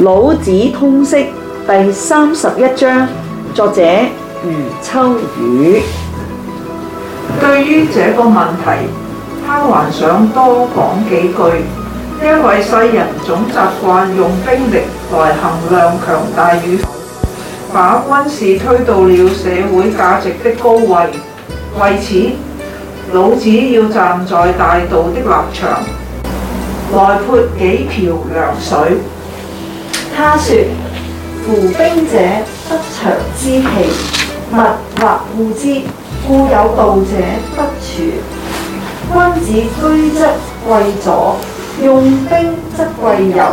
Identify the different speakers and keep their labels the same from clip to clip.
Speaker 1: 老子通釋第三十一章，作者
Speaker 2: 余秋雨。對於這個問題，他還想多講幾句，因為世人總習慣用兵力來衡量強大與否，把軍事推到了社會價值的高位。為此，老子要站在大道的立場，來潑幾瓢涼水。他說：夫兵者不祥之器，
Speaker 3: 物或惡之，故有道者不處。君子居則貴左，用兵則貴右。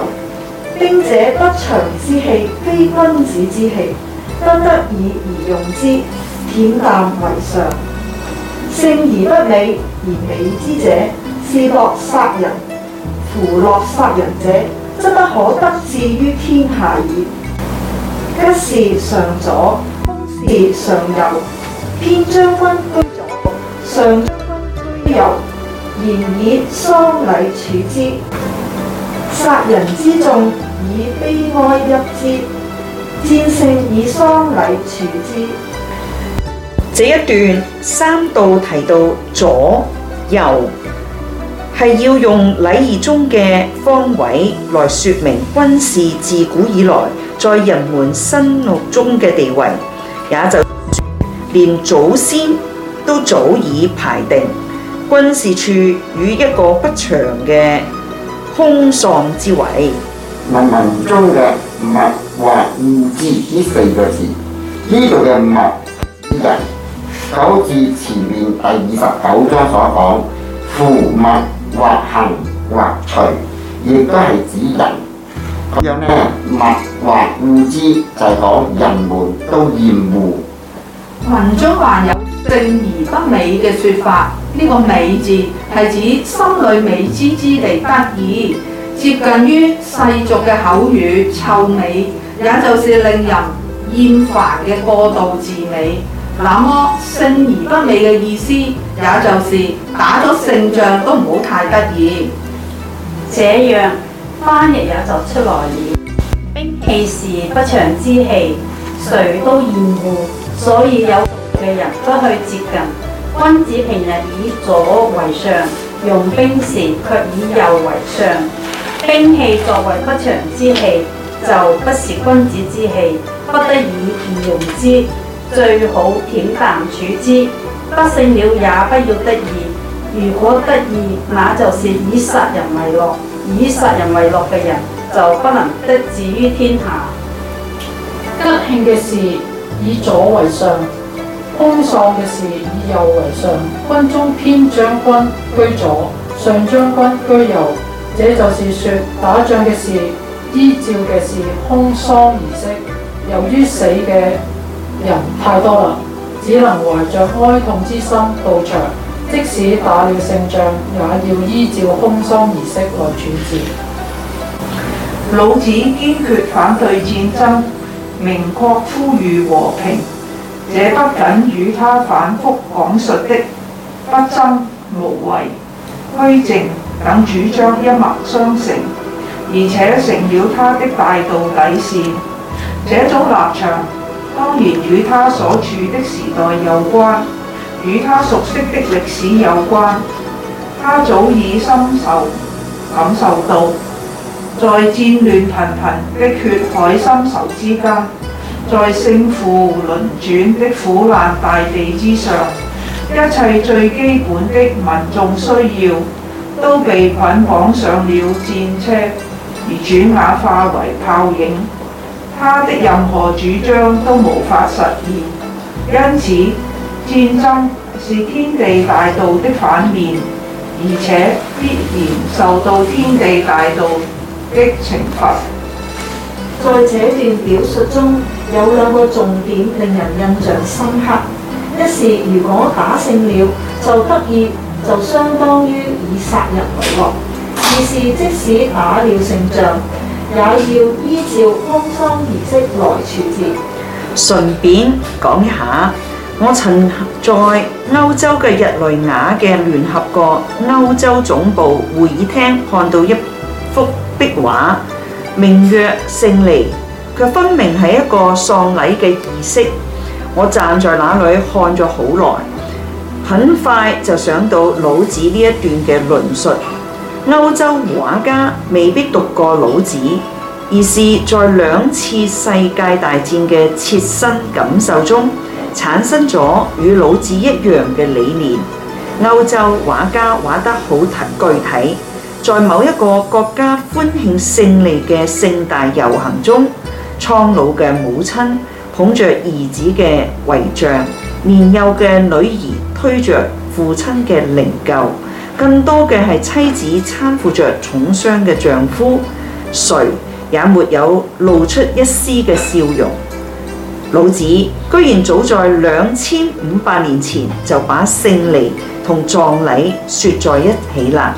Speaker 3: 兵者，不祥之器，非君子之器，不得，得已而用之，恬淡為上。勝而不美，而美之者，是樂殺人。夫樂殺人者。則不可得志於天下矣。吉事尚左，凶事尚右。偏將軍居左，上將軍居右。言以喪禮處之。殺人之眾，以悲哀泣之；戰勝以喪禮處之。
Speaker 1: 這一段三度提到左、右，係要用禮儀中嘅方位來說明軍事自古以來在人們心目中嘅地位，也就連祖先都早已排定軍事處於一個不祥嘅空喪之位。
Speaker 3: 文，文中嘅物或二字呢四個字呢，度嘅物
Speaker 2: 呢，
Speaker 3: 就係九字前面第二十九章所講夫物。或行或隨，亦都係指人。咁有咩名物、嗯、或惡之，就係、是、講人們都厭惡。
Speaker 2: 文中還有勝而不美嘅説法，呢、這個美字係指心裏美滋滋地得意，接近於世俗嘅口語臭美，也就是令人厭煩嘅過度自美。那麼勝而不美嘅意思，也就是打咗勝
Speaker 3: 仗都唔好太得意，這樣翻譯也就出來了。兵器是不祥之氣，誰都厭惡，所以有嘅人不去接近。君子平日以左為上，用兵時卻以右為上。兵器作為不祥之氣，就不是君子之氣，不得已而用之。最好恬淡處之，不勝了也不要得意。如果得意，那就是以殺人為樂。以殺人為樂嘅人，就不能
Speaker 2: 得志於天下。吉慶嘅事以左為上，凶喪嘅事以右為上。軍中偏將軍居左，上將軍居右。這就是說，打仗嘅事依照嘅是凶喪儀式。由於死嘅。人太多啦，只能懷着哀痛之心到場。即使打了勝仗，也要依照封喪儀式來處置。老子堅決反對戰爭，明確呼籲和平。這不僅與他反覆講述的不爭、無為、虛靜等主張一脈相承，而且成了他的大道底線。這種立場。當然與他所處的時代有關，與他熟悉的歷史有關。他早已深受感受到，在戰亂頻頻的血海深仇之間，在勝負輪轉的苦難大地之上，一切最基本的民眾需要都被捆綁上了戰車，而轉眼化為泡影。他的任何主張都無法實現，因此戰爭是天地大道的反面，而且必然受到天地大道的懲罰。在這段表述中有兩個重點令人印象
Speaker 3: 深刻：一是如果打勝了就得意，就相當於以殺人為樂；二是即使打了勝仗，也要依
Speaker 1: 照喪葬儀式來處置。順便講一下，我曾在歐洲嘅日內瓦嘅聯合國歐洲總部會議廳看到一幅壁畫，名曰《勝利》，佢分明係一個喪禮嘅儀式。我站在那裏看咗好耐，很快就想到老子呢一段嘅論述。歐洲畫家未必讀過老子，而是在兩次世界大戰嘅切身感受中，產生咗與老子一樣嘅理念。歐洲畫家畫得好具體，在某一個國家歡慶勝利嘅盛大遊行中，蒼老嘅母親捧着兒子嘅遺像，年幼嘅女兒推着父親嘅靈柩。更多嘅係妻子攙扶着重傷嘅丈夫，誰也沒有露出一絲嘅笑容。老子居然早在兩千五百年前就把勝利同葬禮說在一起啦。